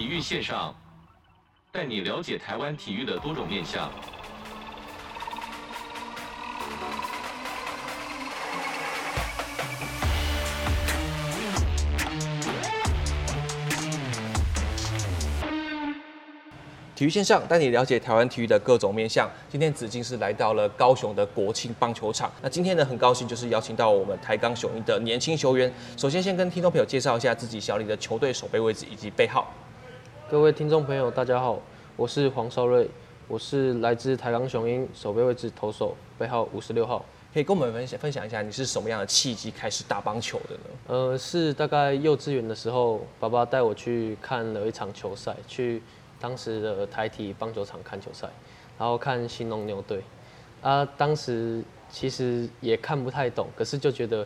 體育線上，帶你了解台灣體育的多種面向。體育線上，帶你了解台灣體育的各種面向。今天紫金是來到了高雄的國慶棒球場。那今天呢，很高興就是邀請到我們台鋼雄鷹的年輕球員。首先，先跟聽眾朋友介紹一下自己，小李的球隊守備位置以及背號。各位聽眾朋友，大家好，我是黃紹睿，我是來自台鋼雄鷹，守備位置投手，背號五十六號。可以跟我們分享分享一下，你是什麼樣的契機開始打棒球的呢？呃，是大概幼稚園的時候，爸爸帶我去看了一場球賽，去當時的台體棒球場看球賽，然後看興農牛隊。啊，當時其實也看不太懂，可是就覺得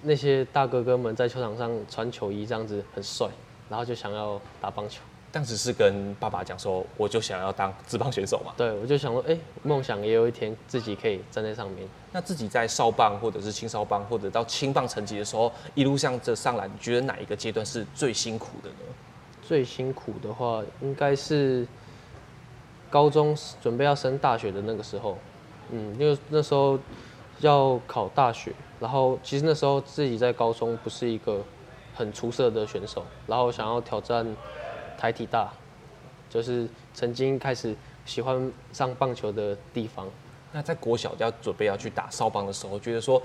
那些大哥哥們在球場上穿球衣這樣子很帥。然後就想要打棒球，當時是跟爸爸講說，我就想要當職棒選手嘛。對，我就想說，哎、欸，夢想也有一天自己可以站在上面。那自己在少棒或者是青少棒，或者到青棒成績的時候，一路向這上來，你覺得哪一個階段是最辛苦的呢？最辛苦的話，應該是高中準備要升大學的那個時候。嗯，因為那時候要考大學，然後其實那時候自己在高中不是一個。很出色的選手，然後想要挑戰台體大，就是曾經開始喜歡上棒球的地方。那在國小就要準備要去打少棒的時候，覺得說。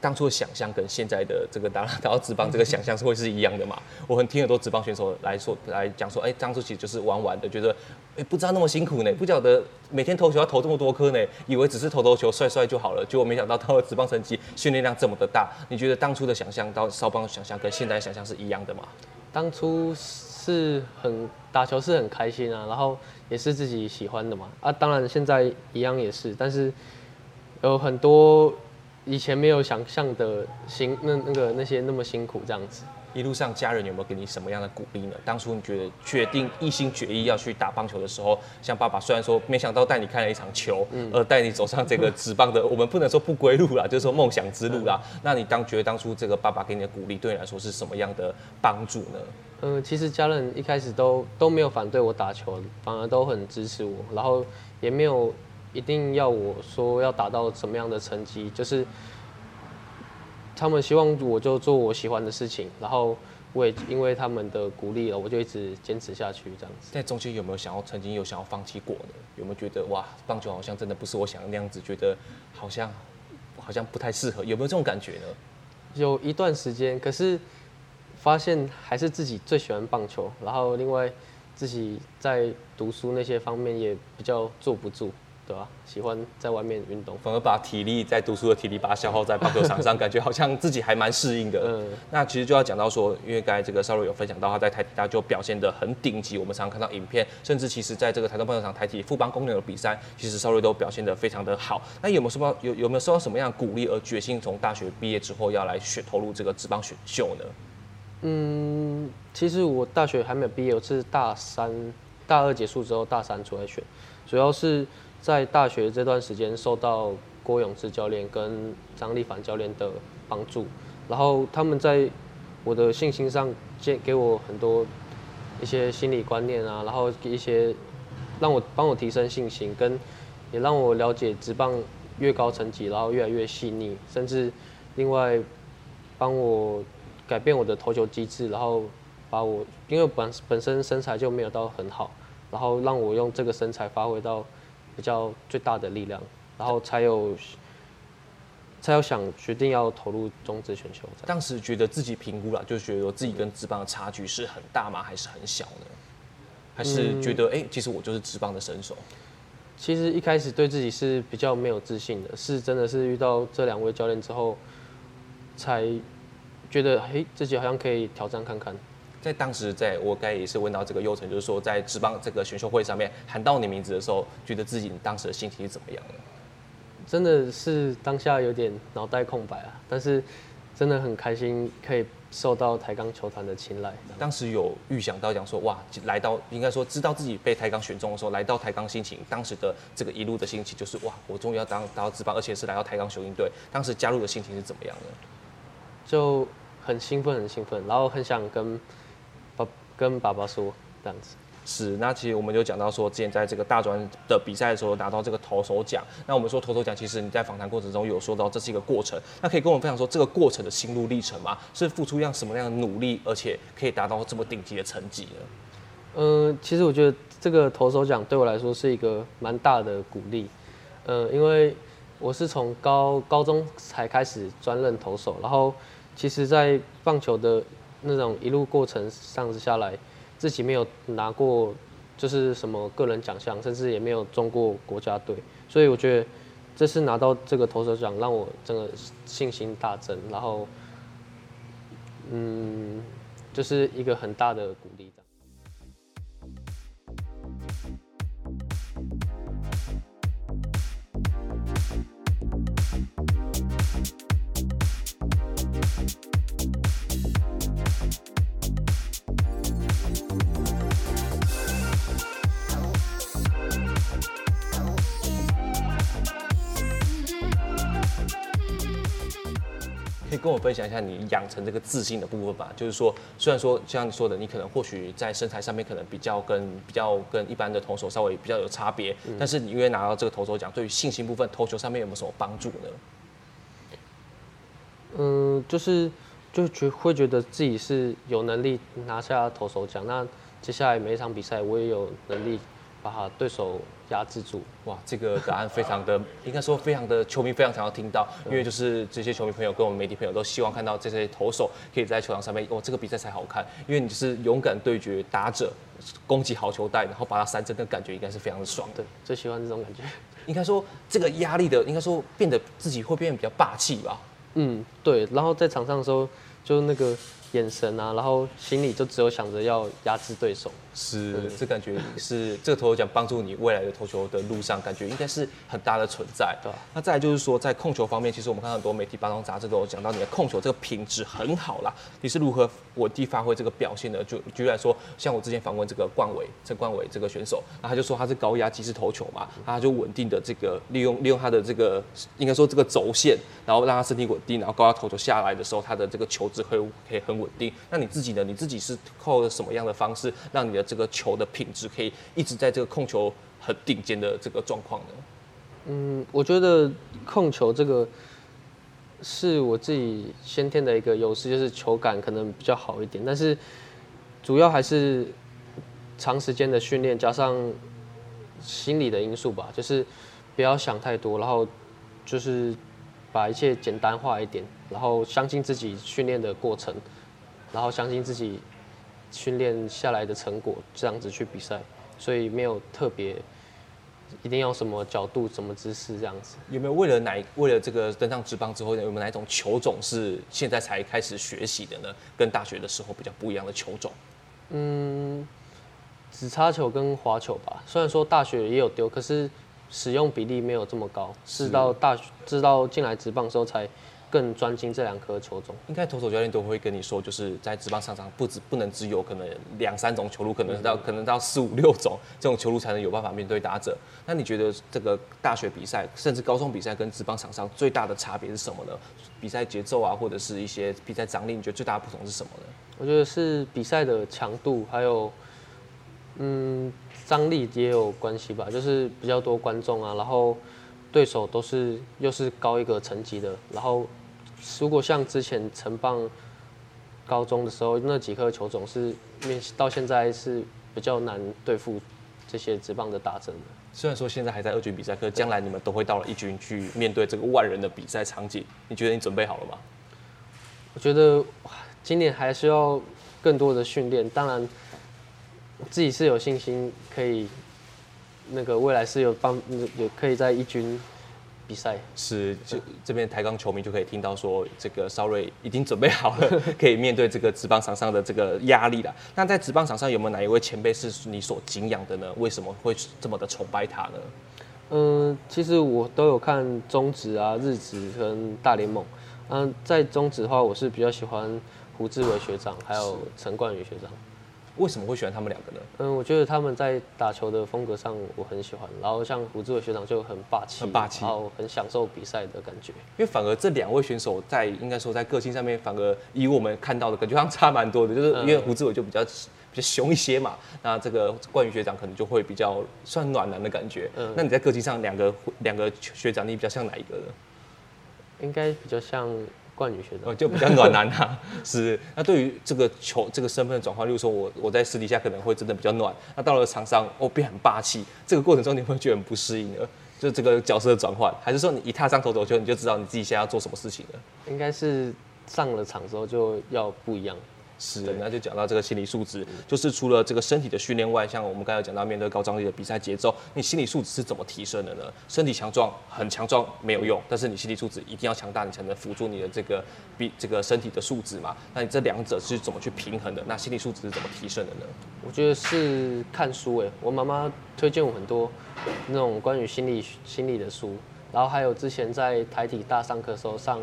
當初的想象跟現在的這個打打職棒這個想象是會是一樣的嘛？ 我很聽很多職棒選手來說來講說，哎、欸，當初其實就是玩玩的，覺得哎、欸、不知道那麼辛苦呢，、欸，不曉得每天投球要投這麼多顆呢，、欸，以為只是投投球帥帥就好了，結果沒想到到了職棒成績，訓練量這麼的大。你覺得當初的想象到少棒想象跟現在想象是一樣的嗎？當初是很打球是很開心啊，然後也是自己喜歡的嘛。啊，當然現在一樣也是，但是有很多。以前沒有想象的辛那那個那些那麼辛苦這樣子，一路上家人有沒有給你什麼樣的鼓勵呢？當初你覺得決定一心決意要去打棒球的時候，像爸爸雖然說沒想到帶你看了一場球，嗯，而帶你走上這個職棒的， 我們不能說不歸路啦，就是說夢想之路啦，嗯。那你當覺得當初這個爸爸給你的鼓勵對你來說是什麼樣的幫助呢？嗯，其實家人一開始都都沒有反對我打球，反而都很支持我，然後也沒有。一定要我說要達到什麼樣的成績？就是他們希望我就做我喜歡的事情，然後我也因為他們的鼓勵了，我就一直堅持下去這樣子。在中間有沒有想要曾經有想要放棄過的？有沒有覺得哇，棒球好像真的不是我想要那樣子？覺得好像好像不太適合？有沒有這種感覺呢？有一段時間，可是發現還是自己最喜歡棒球，然後另外自己在讀書那些方面也比較坐不住。對吧、啊？喜歡在外面運動，反而把體力在讀書的體力把它消耗在棒球場上， 感覺好像自己還蠻適應的。嗯，那其實就要講到說，因為剛才這個紹睿有分享到他在台體大就表現得很頂級，我們常，常看到影片，甚至其實在這個台東棒球場台體富邦公能的比賽，其實紹睿都表現得非常的好。那有沒有受到有有沒有受到什麼樣的鼓勵而決心從大學畢業之後要來選投入這個職棒選秀呢？嗯，其實我大學還沒有畢業，我是大三大二結束之後大三出來選，主要是。在大學這段時間，受到郭永志教練跟張立凡教練的幫助，然後他們在我的信心上借給我很多一些心理觀念啊，然後一些讓我幫我提升信心，跟也讓我了解職棒越高層級，然後越來越細膩，甚至另外幫我改變我的投球機制，然後把我因為本本身身材就沒有到很好，然後讓我用這個身材發揮到。比較最大的力量，然後才有，才要想決定要投入中職選秀。當時覺得自己評估了，就覺得自己跟職棒的差距是很大嗎？還是很小呢？還是覺得哎、嗯欸，其實我就是職棒的選手。其實一開始對自己是比較沒有自信的，是真的是遇到這兩位教練之後，才覺得嘿、欸，自己好像可以挑戰看看。在當時在，在我該也是問到這個優成，就是說在職棒這個選秀會上面喊到你名字的時候，覺得自己當時的心情是怎麼樣的？真的是當下有點腦袋空白啊，但是真的很開心，可以受到台鋼球團的青睞，嗯。當時有預想到講說，哇，來到應該說，知道自己被台鋼選中的時候，來到台鋼心情，當時的這個一路的心情就是，哇，我終於要當當到職棒，而且是來到台鋼雄鷹隊。當時加入的心情是怎麼樣的？就很興奮，很興奮，然後很想跟。跟爸爸說這樣子，是。那其實我們就講到說，之前在這個大專的比賽的時候拿到這個投手獎。那我們說投手獎，其實你在訪談過程中有說到這是一個過程，那可以跟我們分享說這個過程的心路歷程嗎？是付出一樣什麼樣的努力，而且可以達到這麼頂級的成績呢？嗯、呃，其實我覺得這個投手獎對我來說是一個蠻大的鼓勵。嗯、呃，因為我是從高高中才開始專任投手，然後其實，在棒球的那種一路過程上下來，自己沒有拿過，就是什麼個人獎項，甚至也沒有中過國家隊。所以我覺得這次拿到這個投手獎，讓我真的信心大增，然後，嗯，就是一個很大的鼓勵。跟我分享一下你養成這個自信的部分吧！就是說，雖然說像你說的，你可能或許在身材上面可能比較跟比較跟一般的投手稍微比較有差別，但是你因為拿到這個投手獎，對於信心部分，投球上面有沒有什麼幫助呢？嗯，就是就覺會覺得自己是有能力拿下投手獎。那接下來每一場比賽，我也有能力把對手。壓制住！哇，這個答案非常的，應該說非常的球迷非常想要聽到，因為就是這些球迷朋友跟我們媒體朋友都希望看到這些投手可以在球場上面，哇，這個比賽才好看，因為你就是勇敢對決打者，攻擊好球帶，然後把它三振的感覺應該是非常的爽。對，最喜歡這種感覺。應該說這個壓力的，應該說變得自己會變得比較霸氣吧。嗯，對。然後在場上的時候，就是那個眼神啊，然後心裡就只有想着要壓制對手。是，這感覺是 這個投球獎幫助你未來的投球的路上，感覺應該是很大的存在對。那再來就是說，在控球方面，其實我們看到很多媒體、報章雜誌都有講到你的控球這個品質很好啦。你是如何穩定發揮這個表現的？就舉例來說，像我之前訪問這個冠偉，陳冠偉這個選手，那他就說他是高壓即時投球嘛，那他就穩定的這個利用利用他的這個應該說這個軸線，然後讓他身體穩定，然後高壓投球下來的時候，他的這個球質會可，可以很穩定。那你自己呢？你自己是靠什麼樣的方式讓你的這個球的品質可以一直在這個控球很頂尖的這個狀況呢？嗯，我覺得控球這個是我自己先天的一個優勢，就是球感可能比較好一點。但是主要還是長時間的訓練加上心理的因素吧，就是不要想太多，然後就是把一切簡單化一點，然後相信自己訓練的過程，然後相信自己。訓練下來的成果，這樣子去比賽，所以沒有特別一定要什麼角度、什麼姿勢這樣子。有沒有為了哪，為了這個登上職棒之後呢？有沒有哪一種球種是現在才開始學習的呢？跟大學的時候比較不一樣的球種？嗯，指叉球跟滑球吧。雖然說大學也有丟，可是使用比例沒有這麼高，是到大，是到進來職棒的時候才。更專心這兩顆球種，應該投手教練都會跟你說，就是在職棒場上不止不能只有可能兩三種球路，可能到可能到四五六種這種球路才能有辦法面對打者。那你覺得這個大學比賽甚至高中比賽跟職棒場上最大的差別是什麼呢？比賽節奏啊，或者是一些比賽張力，你覺得最大的不同是什麼呢？我覺得是比賽的強度還有嗯張力也有關係吧，就是比較多觀眾啊，然後對手都是又是高一個層級的，然後。如果像之前成棒高中的時候那幾顆球種是面到現在是比較難對付這些職棒的打者。雖然說現在還在二軍比賽，可是將來你們都會到了一軍去面對這個萬人的比賽場景，你覺得你準備好了嗎？我覺得今年還需要更多的訓練，當然我自己是有信心可以那個未來是有幫，也可以在一軍。比賽是就是這邊台鋼球迷就可以聽到說，這個紹睿已經準備好了，可以面對這個職棒場上的這個壓力了。 那在職棒場上有沒有哪一位前輩是你所敬仰的呢？為什麼會這麼的崇拜他呢？嗯，其實我都有看中職啊、日職跟大聯盟。嗯、啊，在中職的話，我是比較喜歡胡志偉學長，還有陳冠宇學長。為什麼會喜歡他們兩個呢？嗯，我覺得他們在打球的風格上我很喜歡，然後像胡志偉學長就很霸氣，很霸氣，然後很享受比賽的感覺。因為反而這兩位選手在應該說在個性上面反而以我們看到的感覺上差蠻多的，就是因為胡志偉就比較、嗯、比較兇一些嘛。那這個冠宇學長可能就會比較算暖男的感覺。嗯，那你在個性上兩個兩個學長你比較像哪一個呢？應該比較像。冠軍選手哦，就比較暖男哈， 是。那對於這個球、這個身份的轉換，例如說我，我我在私底下可能會真的比較暖、嗯，那到了場上，哦，變很霸氣。這個過程中，你會覺得很不適應呢？就這個角色的轉換，還是說你一踏上投手丘之後你就知道你自己現在要做什麼事情了？應該是上了場之後就要不一樣。是的，人家就講到這個心理素質，就是除了這個身體的訓練外，像我們剛才講到面對高張力的比賽節奏，你心理素質是怎麼提升的呢？身體強壯很強壯沒有用，但是你心理素質一定要強大，你才能輔助你的這個比這個身體的素質嘛。那你這兩者是怎麼去平衡的？那心理素質是怎麼提升的呢？我覺得是看書、欸，哎，我媽媽推薦我很多那種關於心理心理的書，然後還有之前在台體大上課的時候上，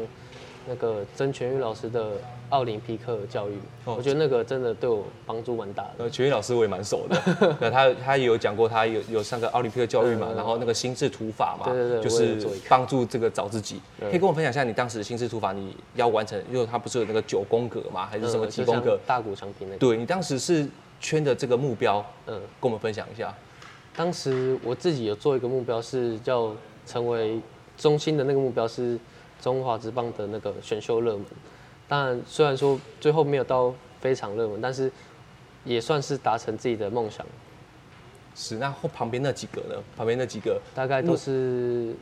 那個曾全玉老師的奧林匹克教育、哦，我覺得那個真的對我幫助蠻大的。哦、全玉老師我也蠻熟的， 他他，也有講他有講過，他有有上個奧林匹克教育嘛，嗯、然後那個心智圖法嘛，嗯、就是幫助這個找自己，對對對、就是找自己嗯。可以跟我分享一下你當時心智圖法你要完成，嗯、因為它不是有那個九宮格嘛，還是什麼七宮格？大谷翔平那個。對，你當時是圈的這個目標，嗯，跟我們分享一下。當時我自己有做一個目標，是叫成為中心的那個目標是中華職棒的那個選秀熱門，當然雖然說最後沒有到非常熱門，但是也算是達成自己的夢想。是,那後旁邊那幾個呢？旁邊那幾個大概都是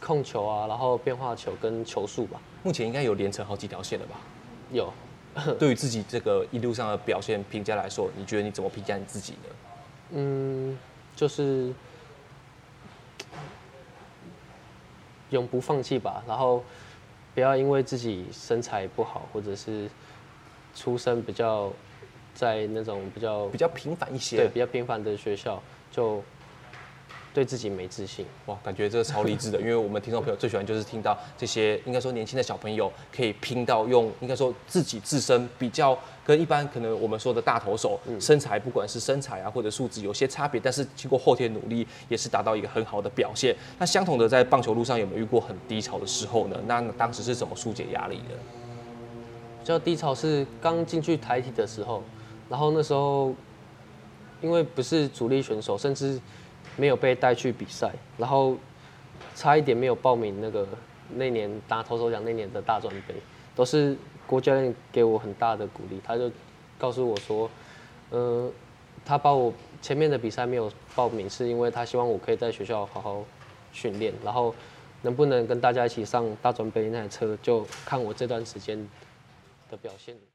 控球啊，然後變化球跟球速吧。目前應該有連成好幾條線了吧？有。 對於自己這個一路上的表現評價來說，你覺得你怎麼評價你自己呢？嗯，就是。永不放棄吧，然後不要因為自己身材不好，或者是出生比較在那種比較比較平凡一些，對比較平凡的學校就。對自己沒自信，哇，感覺這個超勵志的。因為我們聽眾朋友最喜歡就是聽到這些，應該說年輕的小朋友可以拼到用，應該說自己自身比較跟一般可能我們說的大投手身材，不管是身材啊或者素質有些差別，但是經過後天努力也是達到一個很好的表現。那相同的，在棒球路上有沒有遇過很低潮的時候呢？那當時是怎麼疏解壓力的？比較低潮是剛進去台體的時候，然後那時候因為不是主力選手，甚至沒有被帶去比賽，然後差一點沒有報名那個那年拿投手獎那年的大專杯，都是郭教練給我很大的鼓勵，他就告訴我說，呃，他把我前面的比賽沒有報名，是因為他希望我可以在學校好好訓練，然後能不能跟大家一起上大專杯那台車，就看我這段時間的表現。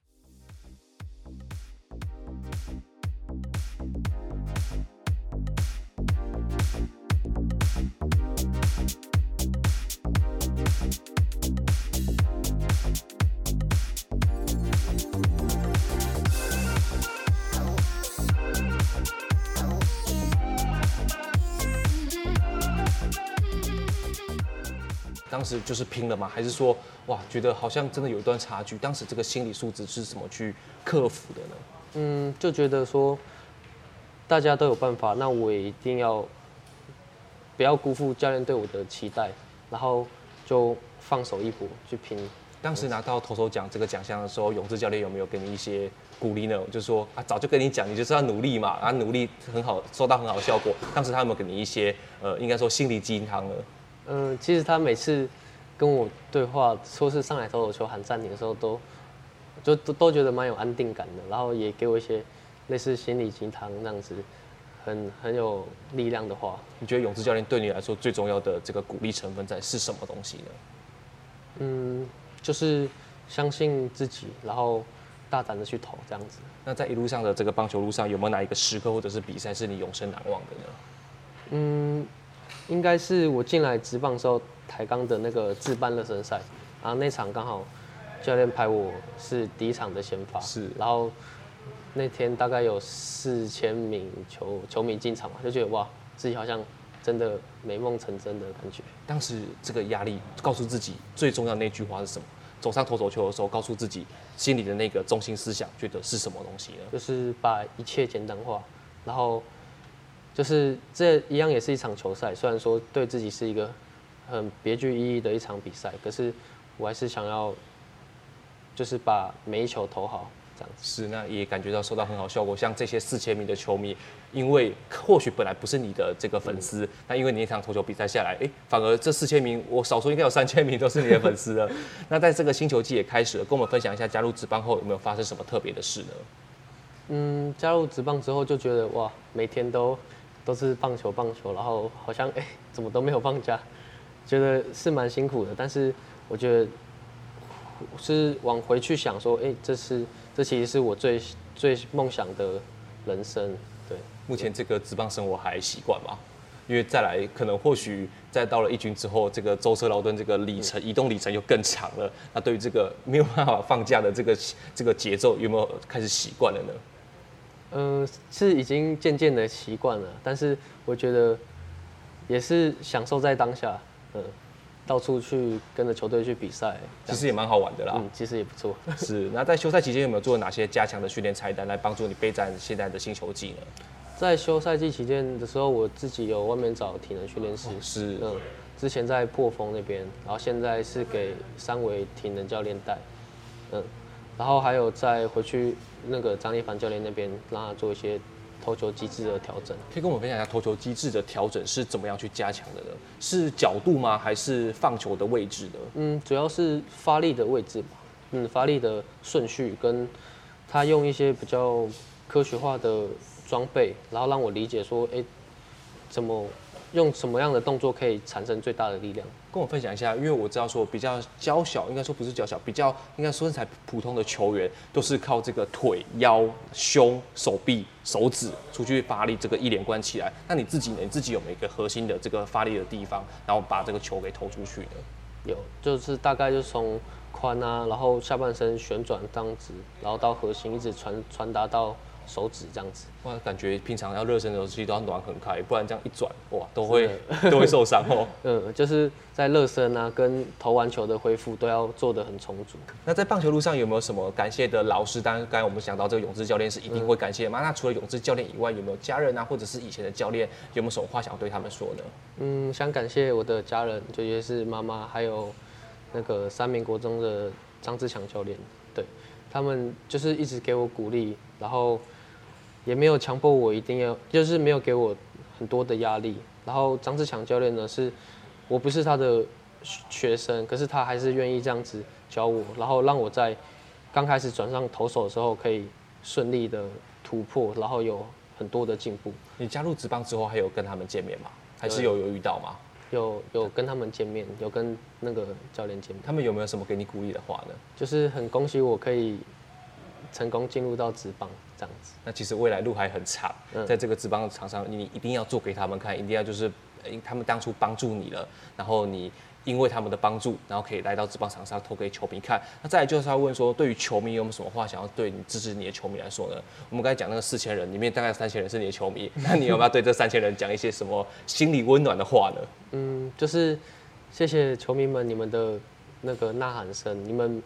當時就是拼了嗎？還是說，哇，覺得好像真的有一段差距？當時這個心理素質是怎麼去克服的呢？嗯，就覺得說，大家都有辦法，那我也一定要不要辜負教練對我的期待，然後就放手一搏去拼。當時拿到投手獎這個獎項的時候，勇志教練有沒有給你一些鼓勵呢？我就是說啊，早就跟你講，你就是要努力嘛，啊，努力很好，收到很好的效果。當時他有沒有給你一些呃，應該說心理雞湯呢？嗯，其實他每次跟我對話，說是上來投手丘喊暫停的時候都，都就都都覺得蠻有安定感的，然後也給我一些類似心理雞湯那樣子，很很有力量的話。你覺得泳池教練對你來說最重要的這個鼓勵成分在是什麼東西呢？嗯，就是相信自己，然後大膽的去投這樣子。那在一路上的這個棒球路上，有沒有哪一個時刻或者是比賽是你永生難忘的呢？嗯。應該是我進來職棒的時候，台鋼的那個自辦熱身賽，然後那場剛好教練派我是第一場的先發，是，然後那天大概有四千名球球迷進場嘛，就覺得哇，自己好像真的美夢成真的感覺。當時這個壓力，告訴自己最重要的那句話是什麼？走上投手球的時候，告訴自己心裡的那個中心思想，覺得是什麼東西呢？就是把一切簡單化，然後。就是這一樣也是一場球賽，雖然說對自己是一個很別具意義的一場比賽，可是我還是想要就是把每一球投好，這樣子是那也感覺到收到很好效果。像這些四千名的球迷，因為或許本來不是你的這個粉絲，那、嗯、因為你那場投球比賽下來，誒、欸，反而這四千名我少說應該有三千名都是你的粉絲了。 那在這個新球季也開始了，跟我們分享一下加入職棒後有沒有發生什麼特別的事呢？嗯，加入職棒之後就覺得哇，每天都。都是棒球，棒球，然後好像哎、欸，怎麼都沒有放假，覺得是蠻辛苦的。但是我覺得是往回去想說，哎、欸，這是這其實是我最最夢想的人生。對，目前這個職棒生活還習慣嗎？因為再來可能或許再到了一軍之後，這個舟車勞頓，這個里程移動里程又更長了。嗯、那對於這個沒有辦法放假的這個這個節奏，有沒有開始習慣了呢？嗯，是已經漸漸的習慣了，但是我覺得也是享受在當下。嗯，到處去跟着球隊去比賽，其實也蠻好玩的啦。嗯，其實也不錯。是， 那在休賽期間有沒有做哪些加強的訓練菜單來幫助你備戰現在的新球季呢？在休賽季期間的時候，我自己有外面找體能訓練師。哦，是。嗯，之前在破風那邊，然後現在是給三維體能教練帶。嗯。然後還有再回去那個張麗凡教練那邊，讓他做一些投球機制的調整。可以跟我們分享一下投球機制的調整是怎麼樣去加強的呢？是角度嗎？還是放球的位置呢？嗯，主要是發力的位置吧。嗯，發力的順序跟他用一些比較科學化的裝備，然後讓我理解說，哎，怎麼？用什麼樣的動作可以產生最大的力量？跟我分享一下，因為我知道說比較嬌小，應該說不是嬌小，比較應該說身材普通的球員都是靠這個腿、腰、胸、手臂、手指出去發力，這個一連貫起來。那你自己呢？你自己有沒有一個核心的這個發力的地方，然後把這個球給投出去的？有，就是大概就從髖啊，然後下半身旋轉這樣子，然後到核心一直傳傳達到。手指這樣子，哇！感覺平常要熱身的時候，自己都要暖很開，不然這樣一轉，哇，都會 都會受傷哦。嗯，就是在熱身啊，跟投完球的恢復都要做得很充足。那在棒球路上有沒有什麼感謝的老師？當然，剛剛我們想到這個勇志教練是一定會感謝的嗎、嗯？那除了勇志教練以外，有沒有家人啊，或者是以前的教練，有沒有什麼話想要對他們說呢？嗯，想感謝我的家人，就也是媽媽，還有那個三民國中的張志強教練，對他們就是一直給我鼓勵，然後。也沒有強迫我一定要，就是沒有給我很多的壓力。然後張志強教練呢是，我不是他的學生，可是他還是願意這樣子教我，然後讓我在剛開始轉上投手的時候可以順利的突破，然後有很多的進步。你加入職棒之後，還有跟他們見面嗎？還是有有遇到嗎？有有跟他們見面，有跟那個教練見面。他們有沒有什麼給你鼓勵的話呢？就是很恭喜我可以。成功進入到職棒這樣子，那其實未來路還很長，嗯，在這個職棒場上，你一定要做給他們看，一定要就是因他們當初幫助你了，然後你因為他們的幫助，然後可以來到職棒場上投給球迷看。那再來就是要問說，對於球迷有沒有什麼話想要對你支持你的球迷來說呢？我們剛才講那個四千人裡面，大概三千人是你的球迷， 那你有沒有要對這三千人講一些什麼心裡溫暖的話呢？嗯，就是謝謝球迷們你們的那個吶喊聲，你們。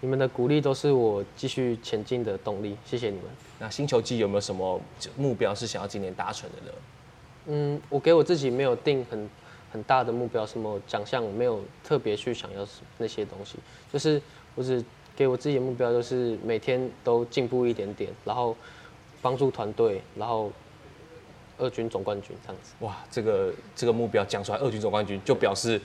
你們的鼓勵都是我繼續前進的動力，謝謝你們。那新球季有沒有什麼目標是想要今年達成的呢？嗯，我給我自己沒有定很很大的目標，什麼獎項沒有特別去想要那些東西，就是我只給我自己的目標，就是每天都進步一點點，然後幫助團隊，然後二軍總冠軍這樣子。哇，這個這個目標講出來，二軍總冠軍就表示。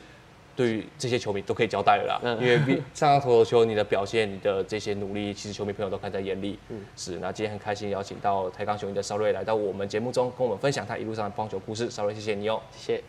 對於這些球迷都可以交代了啦，嗯、因為比上場投球、你的表現、你的這些努力，其實球迷朋友都看在眼裡。嗯、是，那今天很開心邀請到台鋼雄鷹的紹睿來到我們節目中，跟我們分享他一路上的棒球故事。紹睿，謝謝你哦，謝謝。